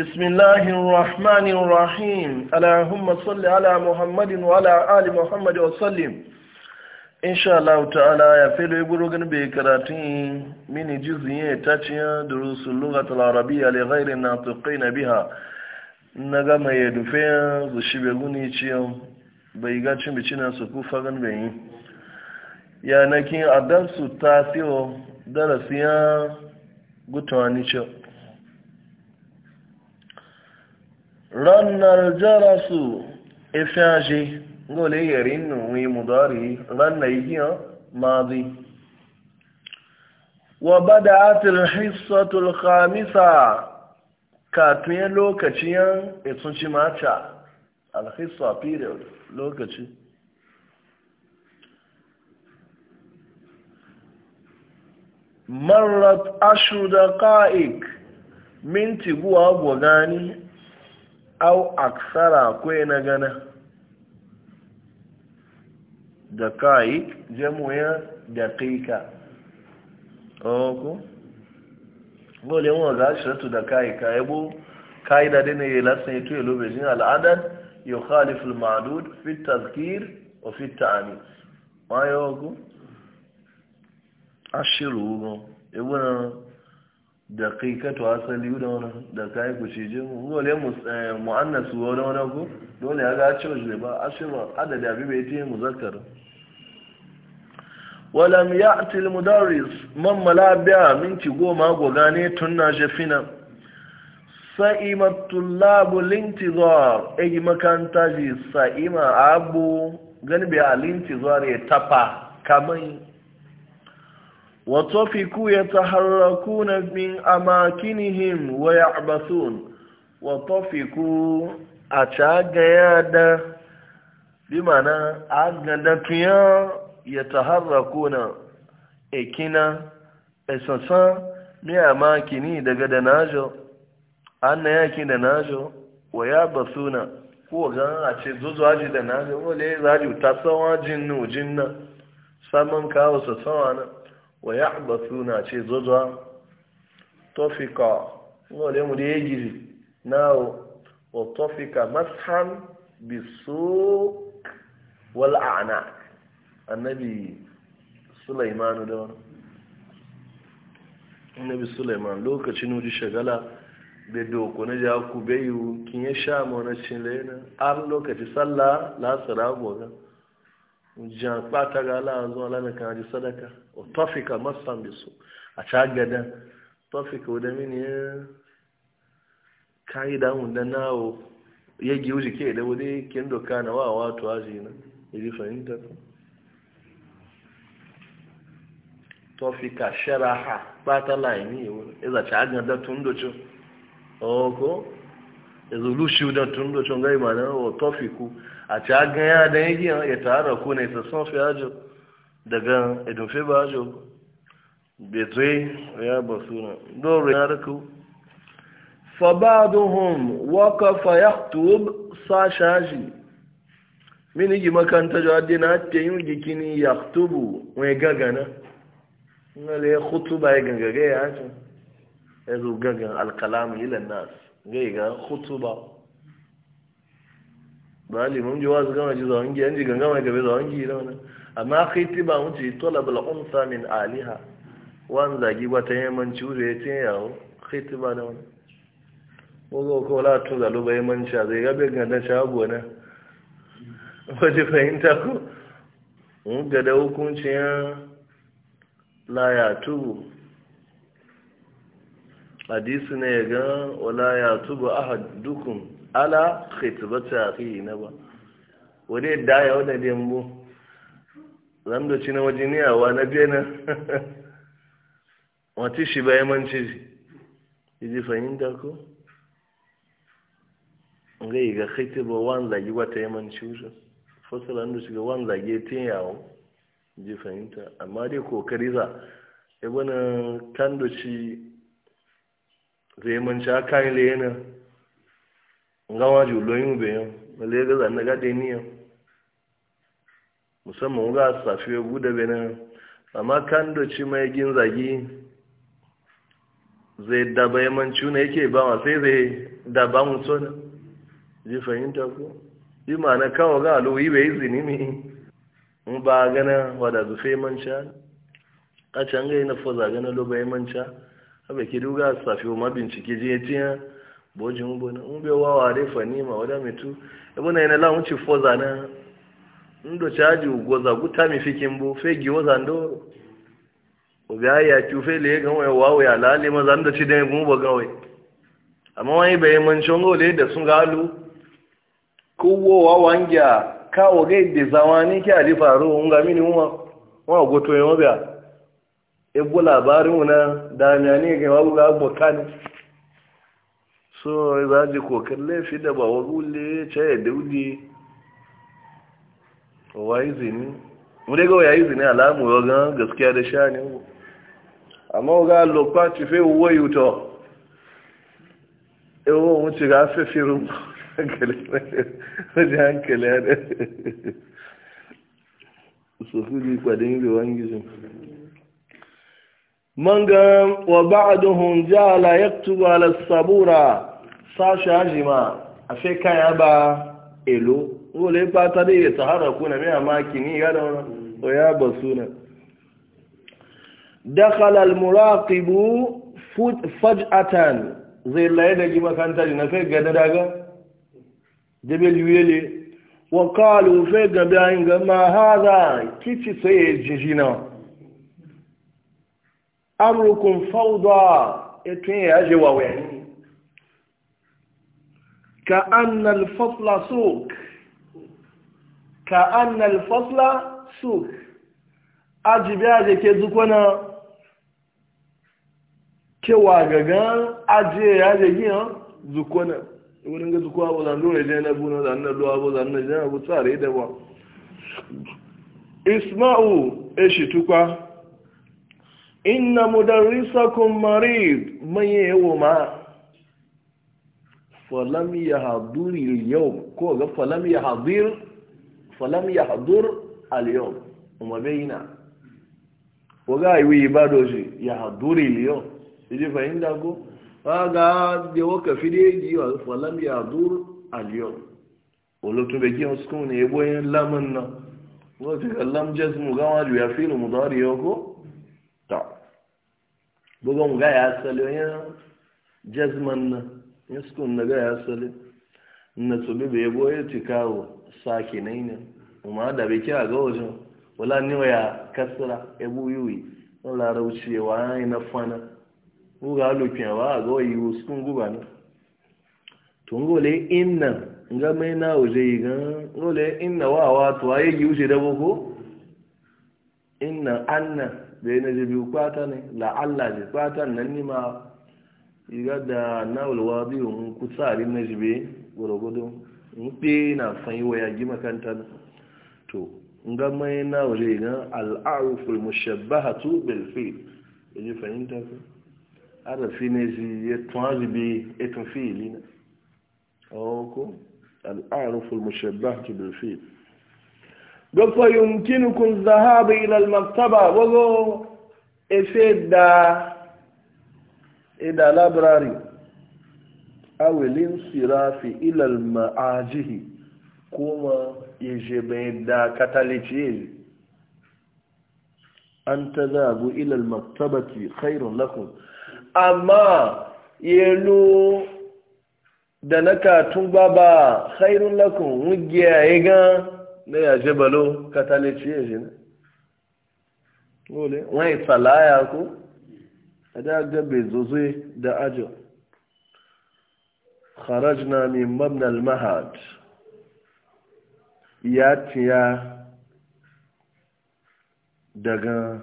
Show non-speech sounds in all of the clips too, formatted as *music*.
بسم الله الرحمن الرحيم اللهم صل على محمد وعلى ال محمد وسلم ان شاء الله تعالى يا فيلو غن بكراتين من جزية تاتيا دروس اللغه العربيه لغير الناطقين بها نغم يدفين زشبغوني تيوم بيغاتشن بچنا فغن غنبين يا نكين ادرس تاسيو درسيا غتواني تشيو rannar jarasu ifiyaje gole yarin nuwi mudari rannar igiyar mazi wa bada'atul hissatul khamisa katuyen lokacin itunci mata alhissa period lokaci marar ashu da ka'ik minti guwa gani au aksara ko na gana da kai jamuya daqiqa oko gole mu ga shiratu da kai kai bu kai da dine ya lasan to ya lobe jin al'adad yukhalif al-ma'dud fi at-tadhkir wa fi at-ta'anis ma yoko ashiru ebo na da to asali da wani da kai ku cije mu dole eh, mu'annas wa wani wani ku dole ya ga cewa ne ba ba adadi abi bai tiye muzakkar walam ya'ti al-mudarris man malabiya minti goma goga ne tun na jafina sa'ima tulabu al-intizar egi makanta ji sa'ima abu gani a al-intizar ya tafa kamar. wato fiku ya ta harakunan bin amakinim wey abasun wato fiku a chaga ya ya ta harakunan ekina esasan miyamaki ni daga danajo an na yaki danashow we ya abasuna ko a cikin zuwaji danashow wadda ya yi zariwata tsawon jinnu jinnan saman kawaso tsawon wa ya suna ce zozo tofika wale mu da ya giri nawo wa tofika mashan bi bisu wal'ana annabi sulaimanu da wani annabi sulaiman lokacin uji shagala da doko na jaku bayu kin ya sha maunacin laina An lokaci sallah lasara gogan jan kpata ala zuwa ala kan ji sadaka o tafika masan so a ca gada tafika wadda mini ya kayi damun da nawo ya giyu jike da wadda kin doka na wa wato aji na iri fahimta tafika sharaha kpata laini iwu iza ca gada tun doce oko iza lushi da tun doce ga imanin o a ci agan ya dan yi giyan ya tara ku ne sassan fi ajo daga idan fi ba ajo betre ya basu na dore ya raku fabaduhum waqafa yaktub sashaji mini gi makanta jo adina te yin gikini yaktubu we gagana ngale khutuba ya gangaga ya ce ezu gagan alkalamu ila nas ga khutuba bali mun ji wasu gama ji zawon giya ji gangama gabe zawon giya da wani amma khiti ba mun ci tola bala unsa min aliha wan zagi ba ta yaman ci ure ya tin yawo khiti ba da wani ko ko la to zalo ba yaman ci zai gabe ganda shago na waje fahimta ko mun ga da hukuncin la ya tubu hadisi ne ga wala ya tubu ahad dukum ala khitbata akhina ba wani da ya wani lembo zan doci na waje niyawa na bena *laughs* wati shi bayan manci ji fahimta ko ngai ga khitba wan yi wata yamanci wuce fasala da ga wan ge tin yawo ji fahimta amma dai kokari za e wani kan doci zai manci haka ne yana nga waju loyin be yo le ga zan ga de ni musamman ga safiye da be na amma kan do ci mai gin zagi zai da bayan cuna yake ba ma sai zai da ba mu tsona ji fahimta ko bi ma na kawo ga loyi bai izini mi in ba gana wada zufe manca a can ga na foza gana lo bayan manca abe ki duga safiyo ma bincike jiya tiya bojin ubona un be wawa re fani ma wada mitu e na ina la unchi foza na ndo chaji ugoza guta mifiki mbu fegi woza ndoro obi ya chufe le ga wa wawe alali ma zanda ci e e da mu ga gawe amma wani bai man shongo le da sun galu kowo wa wangya kawo ga da zamani ki ali faru un ga mini umma wa goto yo ba ebo labarin una da ne ga wa ga bokani so za ji kokar laifi da ba wagule caya daudi wa yi zini wadda ga ya zini alamu ya gan gaskiya da sha ne amma ga lokwa ci fe wuwa yi yuto ewu wuce ga fe firin wajen hankali ya da su fi kudi kwadin riwan gizin من قام وبعدهم جعل يكتب على الصبورة sasha jima a fe kaya ba elo wole fata da ya tahara kuna mai amaki ni ya da wani o ya ba suna dakhala almuraqibu faj'atan zai laye da gima kanta na fe gada daga jebel yele wa qalu fe gaba yin ga ma kici sai jijina amrukum fawda etun ya je wa wani ka الفصل سوق كأن الفصل سوق أجبيا جكي زكونا كوا غغان أجيا زكونا wurin ga ba zan dole na buna zan isma'u eshi tukwa inna mudarrisakum marid ma falam ya haduri yau ko ga falam ya hadir falam ya hadur al kuma bayina ko ga yi ibado shi ya haduri yau idi fahimta ko ga da waka fide ji wa falam ya hadur بيجي اسكون يبوي لمن وذلك لم جزم قال يفعل مضارع يوكو تا بقوم جاي اسال جزمنا yaskun na ya sali na tsobi bai boye ti kawo sake na yi ne umar da bai kira ga wajen wala ni waya kasira ebu yiwi wala raucewa yi na fana ga lukin wa a ga wayi wasu guba na tungole inna ga mai na waje yi gan gole inna wa to a yi wuce da boko inna anna bai na jibi kwata ne la'alla ji kwata nan ni ma ìgbà da nawul wadi un kutsari na jibe gwargwado in pe na fanyi waya gi makanta to nga mai nawul iga al'aruful mushabbahatu bil fil yaji fahimta ko arafi ne ji ya na ko maktaba efe da ida labirari awilin sirafi ilal ma'ajihi kuma yaje bai da katalice an ta zagu ilal maktabati khairun lakum amma yelo da na katun baba khairun lakum wugiya ya ga na yaje balo katalice yaje ne wani yìí tàlàyà kó da gabe zozoi da ajo kharajna min mabna al-mahad ya tiya daga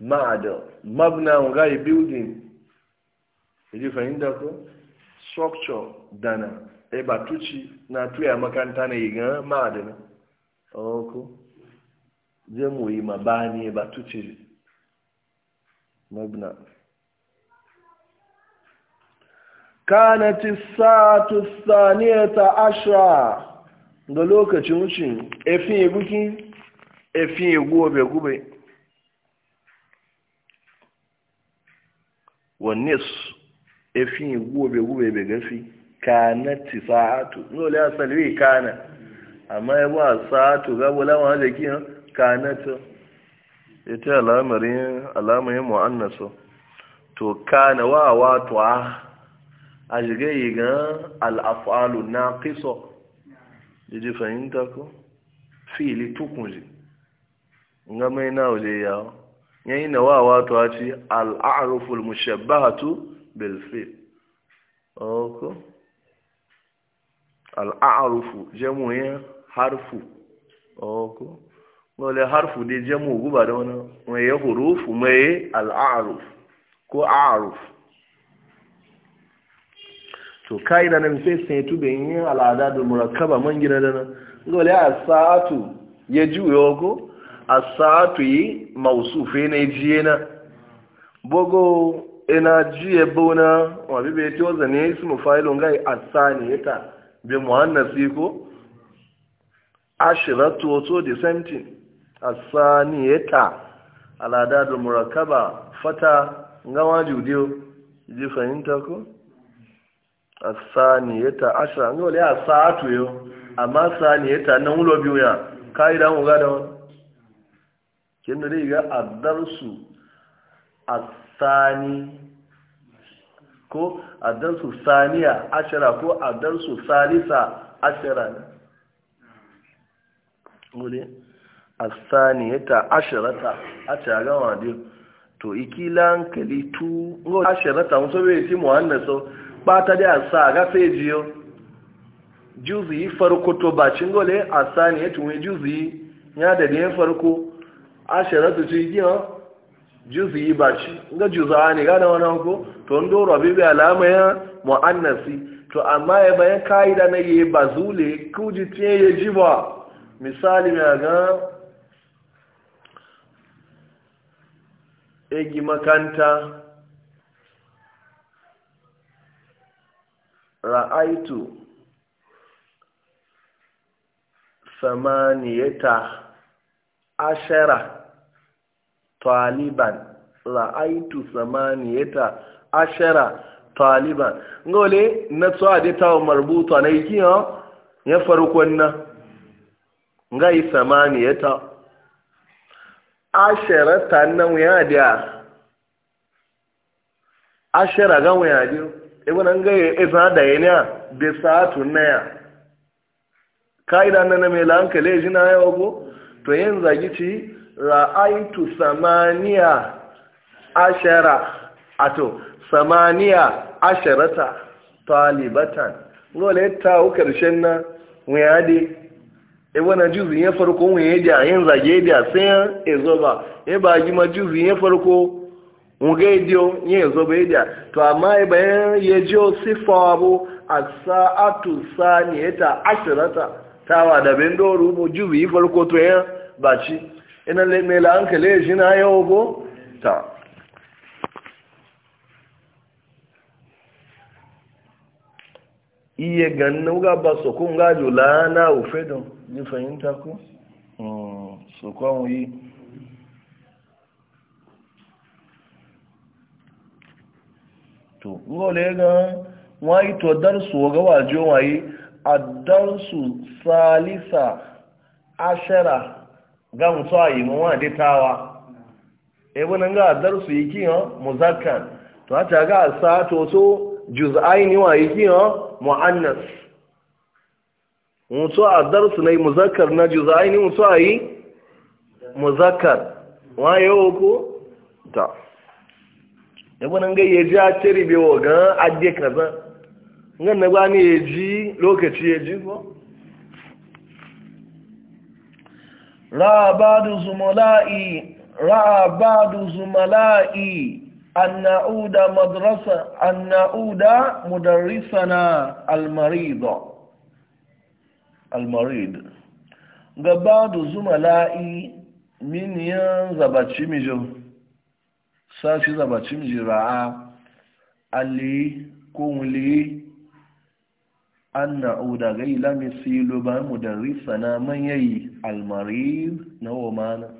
ma'ada mabna gai fahimta ko structure dana e batuci na tuya makanta na yi gan ma'adana ko zai mu yi e batuci saato مبنى كانت الساعة الثانية عشرة ga lokacin wucin efin eguki efin egobe gube efi efin egobe gube be gafi kana saato dole ya salwe kana amma yabo a saato gabo lawan da kiyan kana to ita alamarin alamarin mu'annasu to kana wa wato a shigayi ga al'afalu na kiso jiji fahimta ko fili tukunji nga mai na waje yawo yayi na wa wato a ci al'aruful mushabbahatu bil fil oko al'arufu jamu'in harfu oko wale harfu dai jamu guba da wani mai ya hurufu mai al'aruf ko aruf to kai da nan sai sai tube bin yin al'ada da murakaba man gina da nan wale a saatu ya juyo ko a saatu yi mausufe na jiye na bogo ina jiye bona wa bibe to ne ismu fa'ilun gai as ya ta bi muhannasi ko ashiratu wato the same asaniyeta aladadul murakaba fata gawa judiyo ji fahimta ko asaniyeta ashira ga wale a sa'atu yau amma saniyeta nan wulo biyu ya kayi damu ga da wani kin da dai ga addarsu asani ko adarsu saniya ashira ko adarsu salisa ashira ne asaniyata asharata a caga wade to ikila hankali tu ngo asharata muso bai ti muhannaso bata dai a sa ga fejiyo juzi farko to bacin gole asaniyatu ne juzi yi ya da ne farko asharatu ci giya juzi baci ga juza ne gane wannan ko to ndo rabi abibi alama ya muannasi to amma ya bayan kaida na yi bazule kuji tiye jiba misali mai ga egi makanta ra'aitu samaniyata ashera, taliban ra'aitu samaniyata ashera, taliban ngole na tsade ta marbuta na ikiya ya farkon na ngai samaniyata ashara ta nan wuya da ashara ga wuya e ibn an ga isa da yana da ya kai kaida nan mai kale e jina ya go to yin zagi ci ra'aitu samaniya ashara ato samaniya asharata talibatan gole ta karshen na wuya dia ibana e juzi ya farko mun yi a yin zage da sai ya zo ba e ba ji ma juzi ya farko mun ga idio ya e zo ba a to amma e ba ya a sifabu a saatu saniyata Ta tawa da bendo rubu juzi farko to ya ba ci ina e le me la hankali shi na yau go ta iye ganin ga ba so kun ga jula na ufedon ji fahimta ku hmm, su kwan yi to ngole ga wayi to darsu ga wajo wayi ad-darsu salisa ashara ga mutsayi mu wa ditawa e bunan ga darsu yiki ha muzakkar to tó ga sa to so juz'aini kí yiki ha muannas mutu a darsu na yi muzakar na juza aini mutu a yi muzakar waye ko ta yabo nan gai ya ji a ciri bewa ga adde kaza ngan na bani ya ji lokaci ya ji ko ra'abadu zumala'i rabadu zumala'i an na'uda madrasa an na'uda mudarrisana al-marida almarid gaba da zumala'i min ya zabaci mijin sashi zabaci mijin ra'a ali Kunle, an na'u daga ilami silo Mudarisa na manyayi almarid na womana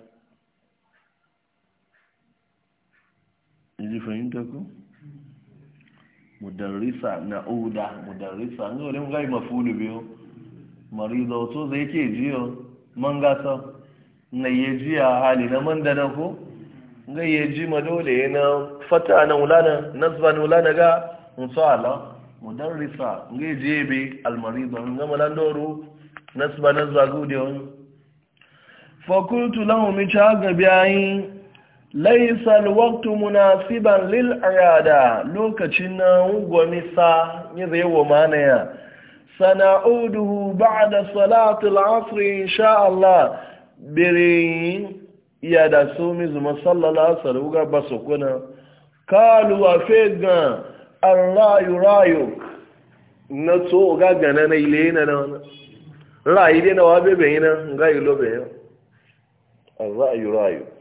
ji fahimta ku? Mudarisa na'uda mudarrisa ne wani gai mafulu biyu mariza to zai ke jiyo man gasa na yi ji a hali na man da na ko ga ji ma dole na fata na wulana nasba na wulana ga nso ala mudarrisa ga ji ebe almariza ga malan doro nasba nasba on wani fakultu lahu mi ga gabi laysa al waqtu munasiban lil ayada lokacin na gwamisa ya zai wa manaya Sana'udu ba'da salatul asr insha Allah biri ya da so mi zuma sallallahu alaihi wasallam ga baso kuna kalu wa fega Allah yurayuk na so ga gana na ile na na rayi ne na wa bebe ina ga yulo be Allah yurayuk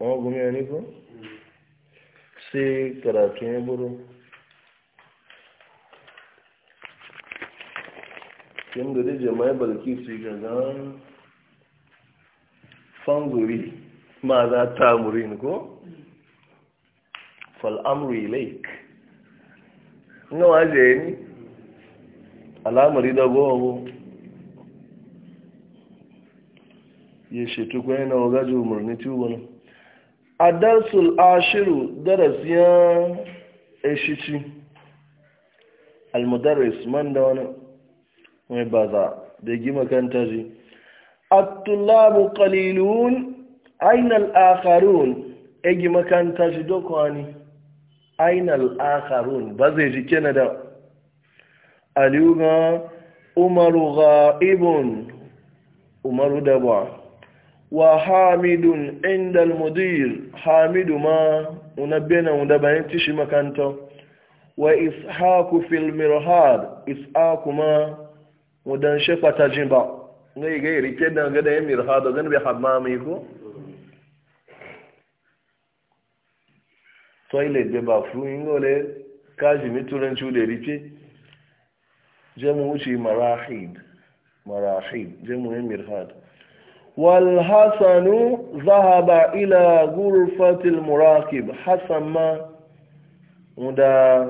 magumi ya niko sai karatun ya buru kin gari jama'i balki su ga zan fanguri ma za ta murin ko fal'amri lake ina waje ni alamari da gowa ya shetu kwaye na wagaji umarni tubu na a darsul ashiru darasiyan eshici almudarris man da wani mai baza da gima kanta ji attulabu qalilun ainal akharun e gima kanta ji dokwani ainal akharun ba zai ji kena da aliyu ga umaru ga ibon umaru da ba وحامد عند المدير حامد ما ونبينا ونبين تشي مكانته وإسحاق في المرهاد إسحاق ما ودن شفة جنبا غير غير كده غدا المرهاد غن بحماميكو toilet da ba fuyin gole kaji mituran cuda rike jamu wuce marahid marahid jamu yin mirhad والحسن ذهب إلى غرفة المراقب حسن ما ودا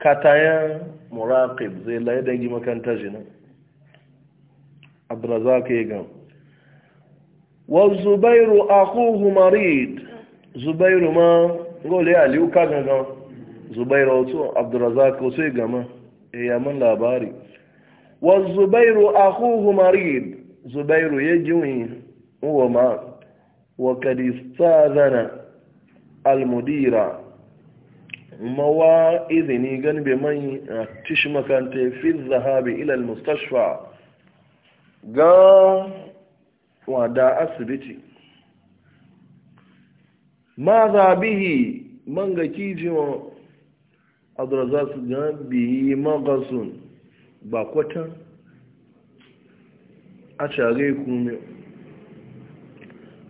كتايا مراقب زي لا يدعي مكان تجينا عبد الرزاق يقام والزبير أخوه مريض زبير ما قول يا ليو كان زبير عبد الرزاق وسيقام يا من لا باري والزبير أخوه مريض zubairu ya jiwi wa ma wa kadista zana almudira mawa izini gani bai mai a tishi makanta fi zahabi ilal mustashfa ga wada asibiti ma za bihi man ga kijiwa ga bihi magasun ba kwatan a ku mi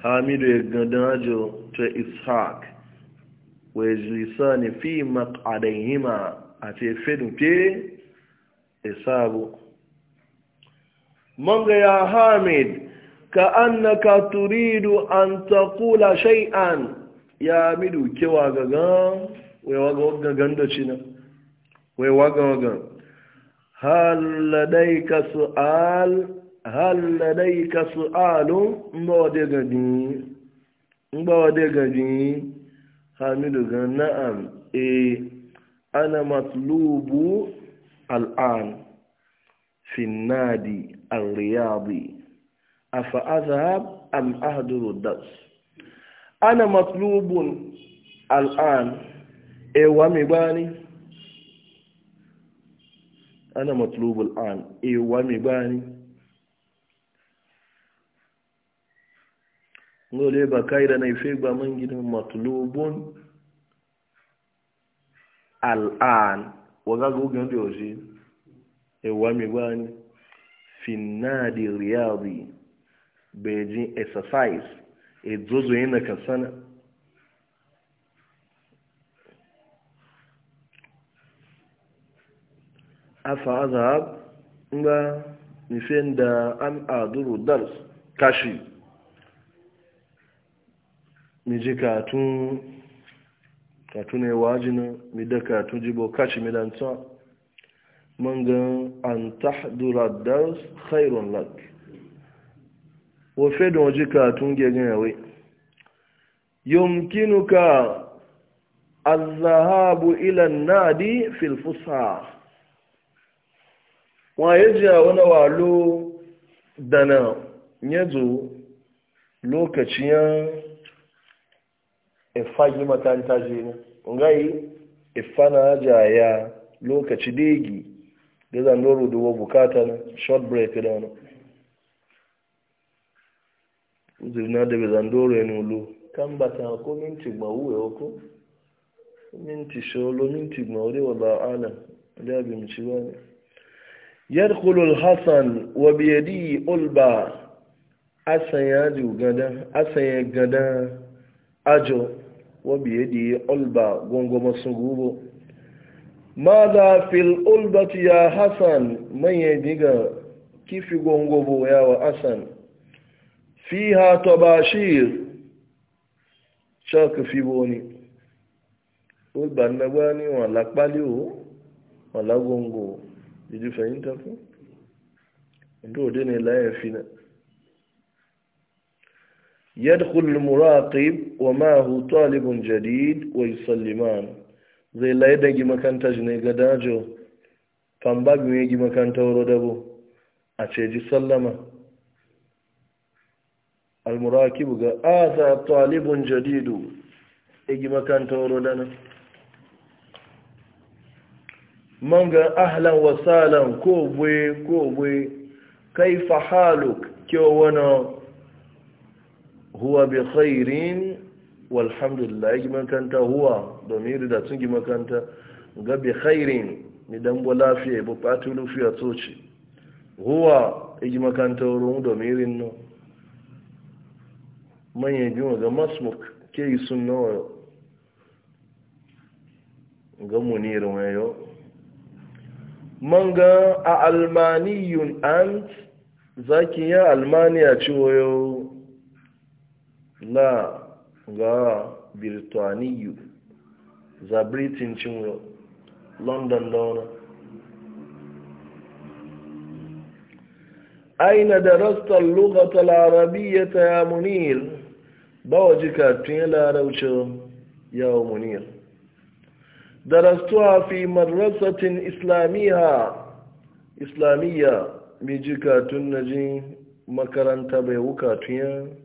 hamidu ya gada ajo ta ishaq wai jisa ni fi makadaihima a ce ke isabu manga ya hamid ka annaka turidu an taqula shay'an ya midu kewa gagan wai gagan da ganda cina wai waga waga hal ka su'al hal ladaika su'alun mbawade gadi mbawade gadi hamidu ga na'am e ana matlubu al'an fi nadi al-riyadi afa azhab am ahduru dars ana matlubun al'an e wa mi bani ana matlubul an e wa mi bani ngo ngole ba kaida na ife ba mangini matlubun al'an waga gogo ndio ji e mi bani finadi riyadi beijing exercise e zozo yana kasana afa azhab nga nifen da an aduru dars kashi mi ji katun katun ne wajina mi da katun jibo kashi mi danta man ga an tahdura dars khairun lak wa fe don ji katun gegen yawe yumkinuka الذهاب إلى النادي في الفسحة ويجي ونوالو دنا يجو لوكتشيان efaji makaranta jini ngai ifana ya lokaci degi da zan doro duwa bukata na short break da wani uzurina da zan doro ya nulu kan ba ta minti ma wuya minti sholo minti ma wuri wala alam da bi mu ci yadkhulu wa bi yadihi ulba asan ya ju gada asan ya gada ajo wabi yadi ulba gongoma sun gubo ma fil ulbati ya hassan manye diga kifi gongobo yawa asan fi ha tabashir shaka fi boni ulba na gani wa lakpali wa lagongo يدخل المراقب وما هو طالب جديد ويسلمان zai laida gi makanta ne ga dajo fambag me gi makanta wuro dabo a ce ji sallama almurakibu ga a asa talibun jadidu e gi makanta wuro dana man ahlan wa salan ko bwe ko bwe kaifa haluk kyo wana huwa bi khairin walhamdulillah ya makanta huwa domin da sun gi makanta ga bi khairin ni dan bo lafiya bo patu lufiya toci huwa ya makanta wurin domin no manya biyu ga masmuk ke yi sun nawa ga munirin wayo man ga a almaniyun an zaki ya almaniya ci yau Na ga birtaniyu za britain cin london da aina da rastar lugata larabiya ta ya munir ba wa jikatun laraucin yawon munir rastuwa fi madrasatin islamiyya islamiyya mai jikatun na jin makaranta bai wukatun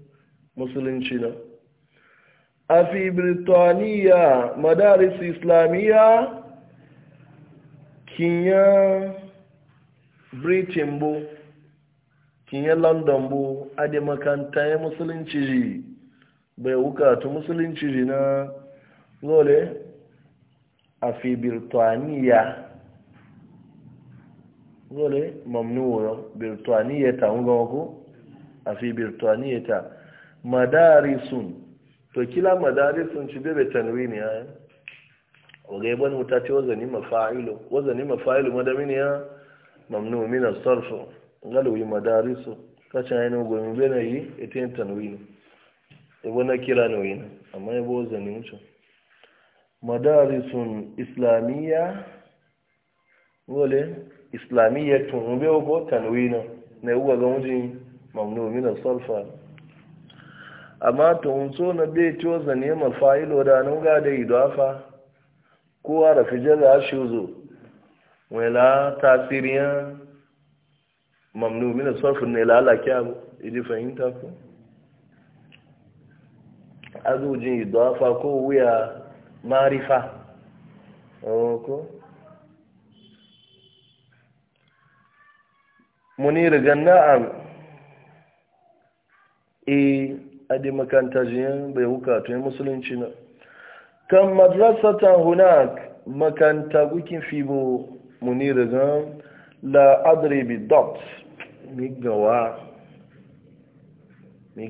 musulunci na a madaris islamiyya kinya britain bu kinya london bu a da makanta ya musulunci ji bai wukatu musulunci na lole a fi birtaniya lole mamnuwa birtaniya ta wako ta madarisun to kila madarisun ci bebe tanwini ya eh? oge ban ni wazani mafa'ilu ni mafailo madamini ya mamnu min as-sarf ngalo yi madarisu kacha go gomi bena yi eten tanwini ebo na kira ne amma ebo ni mucho madarisun islamiya wole islamiya tun ogo tanwina na uwa ga mamnu min as-sarf amma tunso na bai coza neman fa'ilo da ga da idafa kowa da fijar da shi zo wela tasiriyan mamnumi mina sarfin ne lalaki abu idi fahimta ku azujin idafa ko wuya marifa ko munir am e adi makanta jiyan bai hukatu ya musulunci na kan madrasatan hunak makanta gukin fibo munira zan la adri bi dot migawa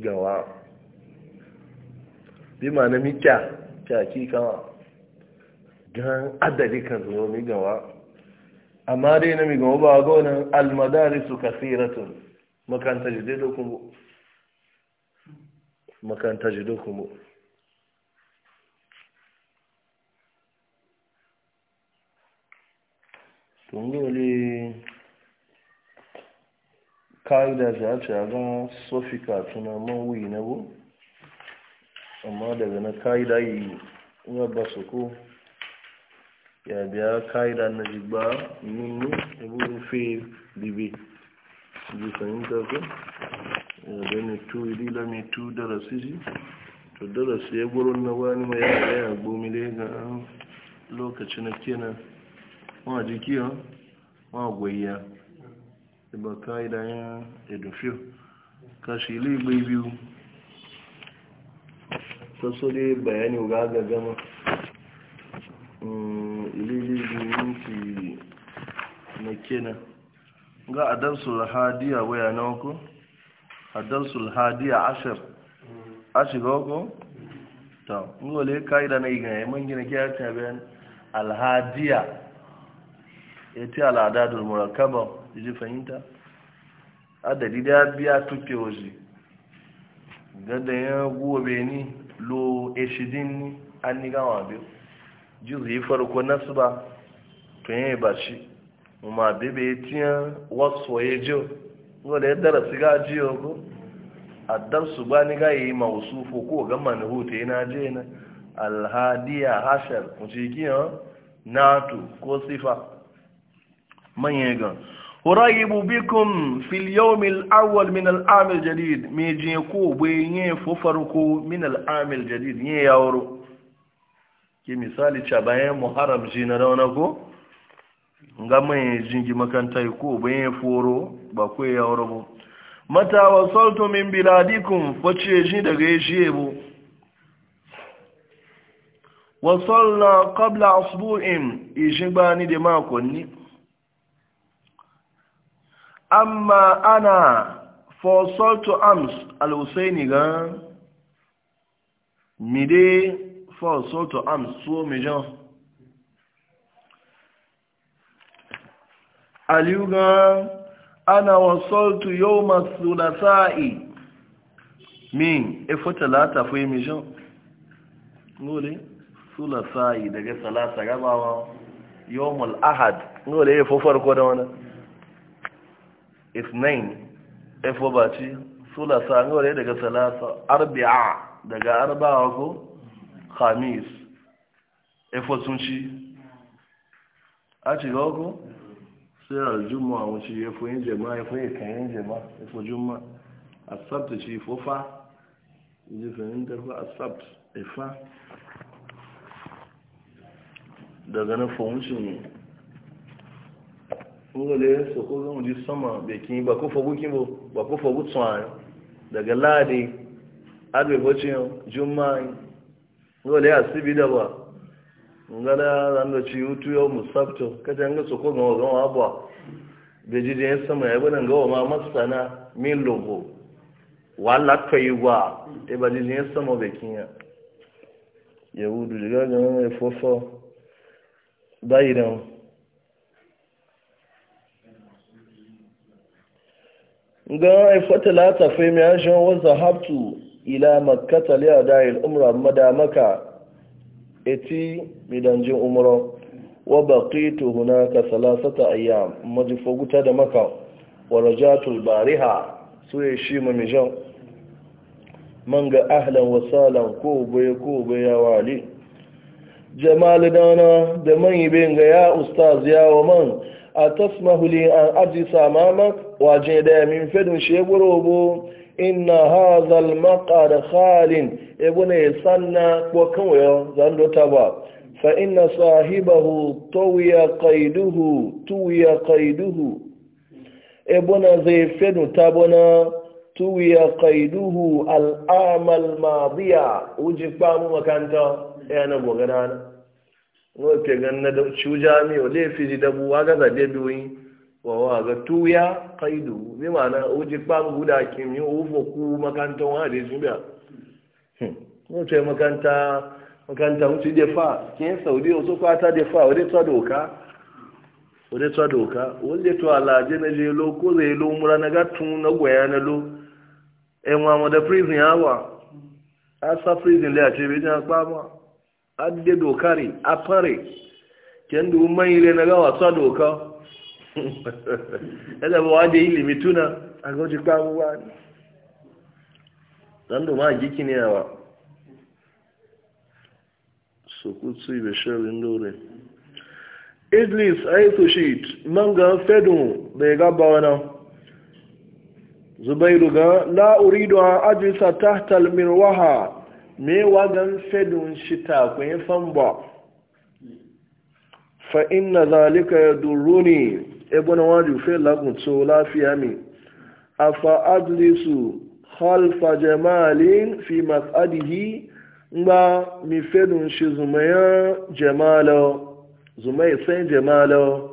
gawa bi ma na mikya kyaki kama don adadi kan zo gawa. amma dai na migawa ba gonan almadarisu kasiratun makanta jide da kuma makaranta judo kuma tungole ka'ida za ta yaga sofika tuna mawuyi na bu amma daga na ka'ida yi ba su ko ya biya ka'ida na jigba nunu ya buru bibi ji fahimta yanzu to tu idila mai tu darasi ji to darasi ya gurin na wani mai yaya ya gomi dai ga lokaci na kena wa jikiya wa gwayya ba ka'ida ya edofiyo kashi ile igbe biyu soso dai bayani ga gagama mm, ile ki na kena ga adarsu lahadiya waya na wakon الدرس الهادي عشر عشر غوغو to ngole kaida na iga mun gina kiya ta bayan alhadiya yace aladadul murakkaba ji fahimta adadi da biya tuke waje gada ya gobe ni lo eshidin ni an ni gawa biyu juzi farko nasba to yayi bashi wasu wadda ya darasi ga ajiye a addarsu ba ni ga yi mawusufo ko ga manhuta yana je na alhadiya hashar mucikiyan natu ko sifa manyan gan hurayibu bikum fil yawmil awal min al amil jadid me je ko be yin fo farko min al jadid yin ki misali cha bayan muharram jina rawana ko nga mai jingi makanta ko bayan foro ba ku ya rabu mata wasaltu min biladikum face shi daga yashiye bu wasalna qabla asbu'in ishin bani da makonni amma ana fasaltu ams al-husaini ga mide fasaltu ams so mijan aliyu ana wasoltu yoma sulasa'i lasa'i min efo talata fo mishan ngole sulasa'i daga salata gabawa ahad ngole e fo farko da wani isnain e fo bati sulasa ngole daga salasa arbi'a daga arba'a ko khamis e fo ci a ci ga sai a juma a wuce ya fi yin jama ya fi kayan jama ya fi juma a sabta shi fofa ji fahimtar ba a sabta ifa daga na ne fahimcin ngole su ko zan ji sama bai kini ba ko fagu kini ba ko fagu tsan daga ladi abe bocin juma'a ya asibi da ba ngana zan da ci hutu yau musabto kaje nga soko ga wa wa abwa be ji je sama ya bana ga ma masana min logo wala yi yiwa e ba ji je sama be kinya yahudu daga ga na fofo dairan ga aifata latafe mai ashen wasa haftu ila makata liya da umra madamaka eti midanjin umra wa baqitu hunaka thalathata ayyam majifoguta da maka wa rajatul bariha suye shi mamijan manga ahlan wa salan ko bai ko bai wali jamal dana da man yi benga ya ustaz ya wa man atasmahu li an ajisa mamak waje da min fadun shegoro bo inna hazal maqad khalin ibune e sanna ko kanwayo zando taba fa inna sahibahu tawiya qaiduhu tuya qaiduhu ibuna e zai fedu tabona tuwiya qaiduhu amal madiya uji famu makanta yana e gogana no ke ganna da chujami o le fi dabu waga da debi wawa ga tuya kaidu ne mana oji kpamu guda kimi ufo makanta wa da jin biya makanta makanta wuce da fa ke saudi o so da fa wadda ta doka wadda ta doka wadda to alaje na je lo ko zai lo mura na gatun na na lo enwa mo da prison prison a ce be na ga doka *laughs* ẹgbẹ́ bọ̀ wá dé ilimi túnà agọ́jú pa wá ní lọ́ndọ̀ máa jí kíni àwà sòkútù ìbẹ̀ṣẹ́rì ń lóore idlis aithushit manga fedun bai gaba wana zubairu ga la uridu an ajlisa tahta almirwaha me wagan fedun shita kun fan ba fa inna zalika yadurruni ebe na wani rufe lagunto lafiya mi afa adlisu khalfa jamalin fi mas'adihi ngba mi fedun shi zumaya jamalo sai jamalo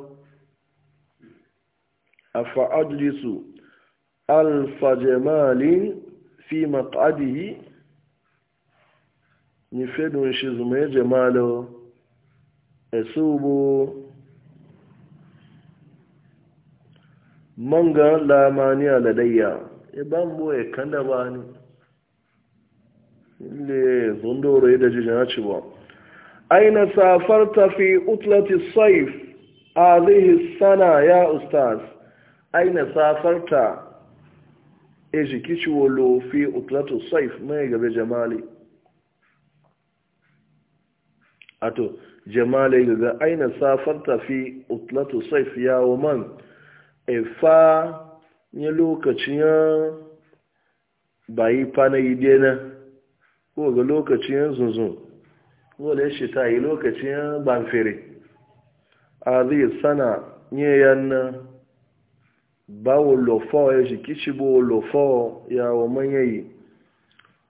afa adlisu alfa jamalin fi mi shi zumaya jamalo esubu man ga lamaniya ladayya e ban boye kanda ba ni ile zondoro yadda e daji jana ci ba aina safarta fi utlati saif a azihi sana ya ustaz aina safarta e jiki ciwolo fi utlati saif mai gabe jamali ato jamali gaga aina safarta fi utlati saif ya man efa nye lokacin ya bayi fana yi na ko ga lokacin ya zunzun wale shi ta yi lokacin ya banfere a zai sana ya yana bawo lofo ya shi kici bo lofo ya wa manyayi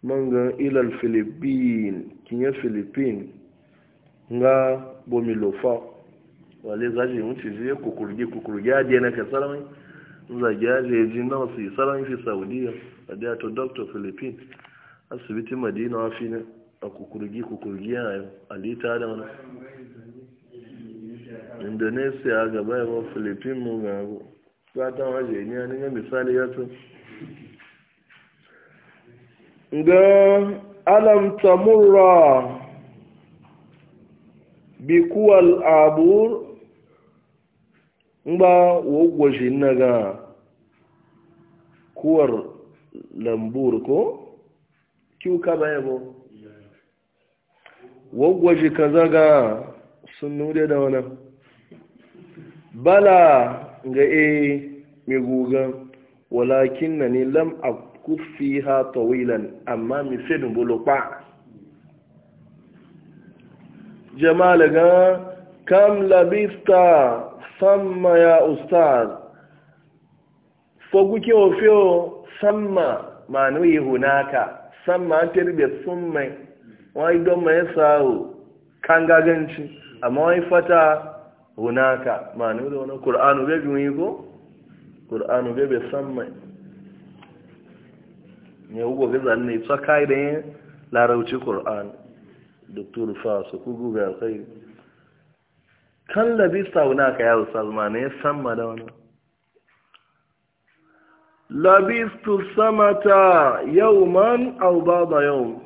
mangan ilal filipin kinye filipin nga bomi lofo wale za shi mun cije kukurge kukurge a na ka saramai zage ya je ji nawa su yi fi saudiya a da to doctor philippine asibitin madina wa fi a kukurge kukurge a yau alita da wani indonesia gaba yawa philippine mu ga abu fatan waje ni a nina misali ya tun ga alam tamurra bikuwal abur ba wogwashi na ga kuwar lambur ko kyuka ba yabo gwaji ka zaga sun nude da wani bala ga e mai guga walakin na ni lam a kufi ha tawilan amma mi fedin bulokpa jama'a ga kam labista samma ya ustaz fogu ke ofeo samma manu hunaka samma an summe sun mai wani don mai sa'o kangaganci amma wani fata hunaka manu da wani ƙur'anu bebe yi ko? be be samma ne hugo gaza ne tsakai da yin larauci ƙur'anu doktor fasu kugu ga kai kan labista wuna ka yawo salma ne sama da wani labistu samata yau man au baba yau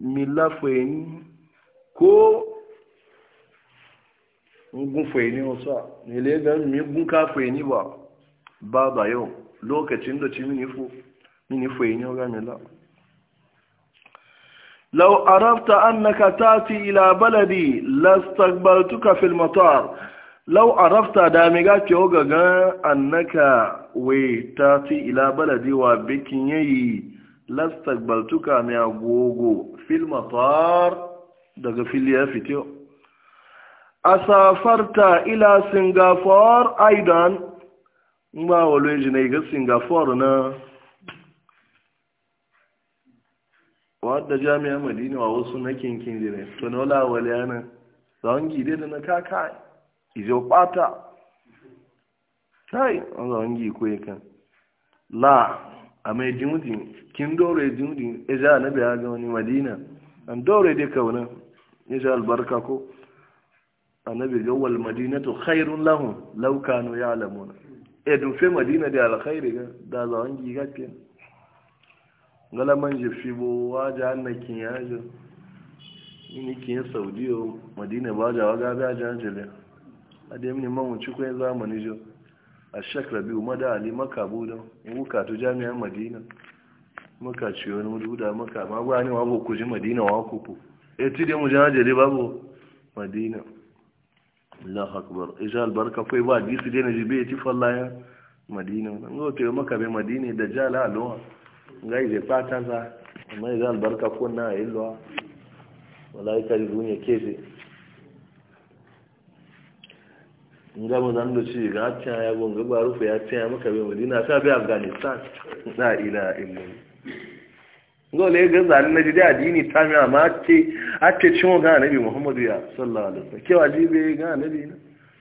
milafeni ko gun feni ne legan mi gun ka feni ba baba yau lokacin da ci mini fo mini feni ga mila لو عرفت أنك تأتي إلى بلدي لاستقبلتك في المطار لو عرفت دامغا كيوغا أنك وتأتي إلى بلدي وبكيني لاستقبلتك من في المطار daga في ya fito asafarta ila singapore aidan ba walo ne ga singapore wadda jami'an madina wa wasu na kinkin jire to na wala wale yana zawon gide da na kaka ijo kwata kai an zawon gi ko kan la a mai jimudin kin dore jimudin ya e za na biya haga wani madina an dore dai kauna ya e ja albarka ko nabi ga wal to khairun lahun law ya alamuna edu fe madina da alkhairi da zawon gi galaman jefi bo waje annakin yaji ini kin saudiyo madina ba ja waga a ja jale adem ni mamu ci koyi zamani jo a shek rabi umada ali maka budan wuka to jami'an madina maka ci wani mududa maka ma gwa ne wabo ku ji madina wa ku e ti dai mu ja jale babu madina Allah akbar ijal barka fa ba disi dai na jibe ti fallaya madina wata te maka be madina da jala aloha nga ije fata za amma ya albarka ko na yi luwa wala ya kari duniya kefe nga mu zan doci ga tiya ya gonga ba rufe ya tiya maka bai madina ta bai afghanistan la ila illa ngole ga zalin na jide addini ta mi amma ce ake cin ga annabi muhammadu ya sallallahu alaihi wasallam kewa jibe ga na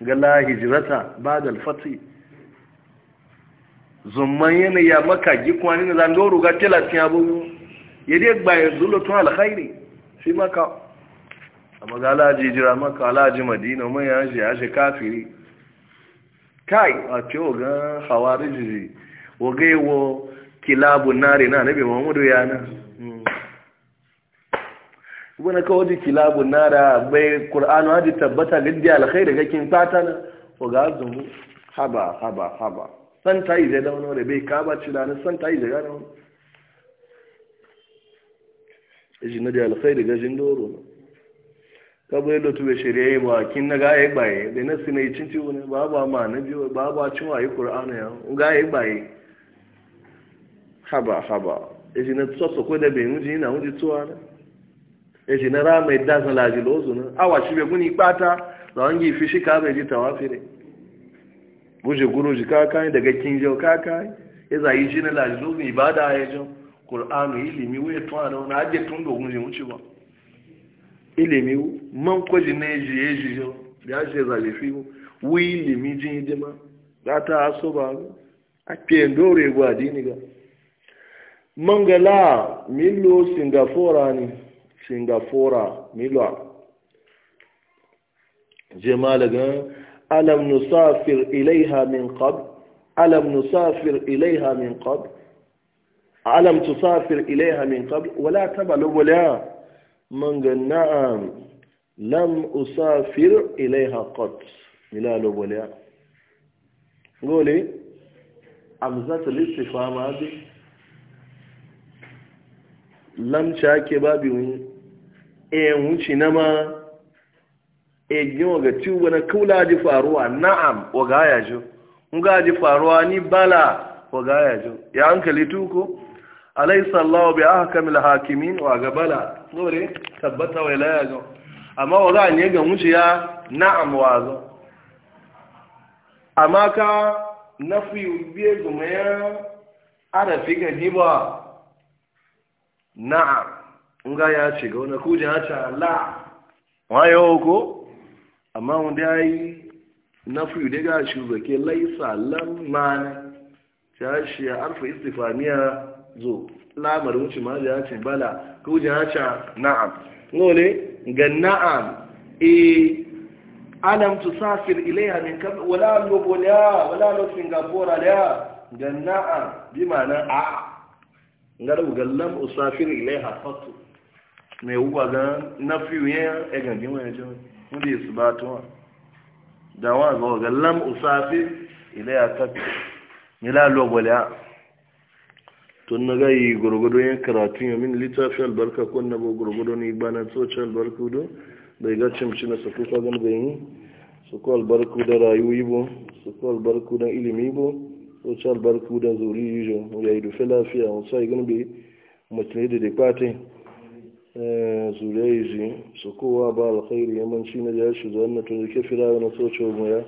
ga la hijrata ba'da al-fatih zumman yanayi ya maka gikuwa ni za ndo ruga talatin abubu ya dai gba ya zulo tun alkhairi fi maka amma ga alaji jira maka alaji madina mai ya shi ya shi kafiri kai a ce ga hawariji jiji oga yi wo kilabu nari na nabi muhammadu ya na wani hmm. kawo ji kilabu nara bai kur'anu haji tabbata liddi alkhairi ga kin fatana ga zumu haba haba haba santa ije da wani bai ka ci da ni santa ije gane wani iji na da alkhairu gajin doro kabo yadda tuwe shari'a yi ba kin na gaya gbaye da na sina yi cin ciwo ne ba ba ma na biyu ba ba cin wayi qur'ana ya gaya gbaye haba haba iji na tsotso ko da bai muji na muji tuwa na iji na rama idan zalaji lozo na awa shi bai guni kpata da wangi fi shi ka bai ji tawafire buje guru ji kakai daga kinjo kakai ya zayi shi na ba da ya jo qur'anu ilimi wuye tun ana na aje tun da gunje mu ba ilimi man kwaji na ne ji ye ji jo ya ce za le fi wu ilimi ji jima za ta aso ba a ke ndore gwa dini ga mangala milo singapore ni singapore milo je malaga ألم نسافر إليها من قبل ألم نسافر إليها من قبل ألم تسافر إليها من قبل ولا تبل ولا من نعم لم أسافر إليها قط إلى ولا قولي أمزات الاستفهام هذه لم شاكي بابي وين إيه وشي نما egin waga ciwo na kula ji faruwa na'am waga ya jo nga ji faruwa ni bala waga ya jo ya hankali tuko alaysa allah bi ahkamil hakimin ga bala sore tabbata wa la ya jo amma waga ne ga ya na'am wa zo amma ka nafi biye gumaya arafi ga diba na'am nga ya ce ga wani kujin hacha la wayo ko amma wanda ya yi na fiye daga shi laisa lamman ta shi ya arfa istifaniya zo lamarin wuce ma da ya ce bala ko da ya ce na'am nole ga na'am e alam tu safir ilayha min kabl wala lobola wala lo singapore la ga na'am bi na a ngar gallam usafir ilayha fatu me uwa ga nafiyu ya e ga gin wani jami'a wanda ya subatuwa da wa ga wa gallam usafi ila ya tafi ila lobala tun na ga yi gurgudu yin karatu ya min littafi albarka ko na bo gurgudu ni bana tsoci albarku do bai ga cimci na saku ka gan bayin su ko albarku da yi bo suku albarku da ilimi bo tsoci albarku da zuri yi jo ya yi dufe lafiya wasu yi gan bai mutum da da Eh, zureji su kowa ba alkhairi yamanci na ya shi zuwa tun da ke fira na tsocewa mu ya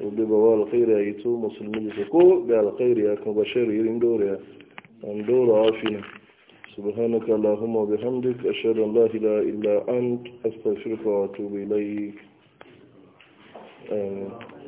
rubi ba wa alkhairi ya yi to musulmi da ko da alkhairi ya kuma bashir irin doriya an dora afina سبحانك اللهم وبحمدك أشهد أن لا إله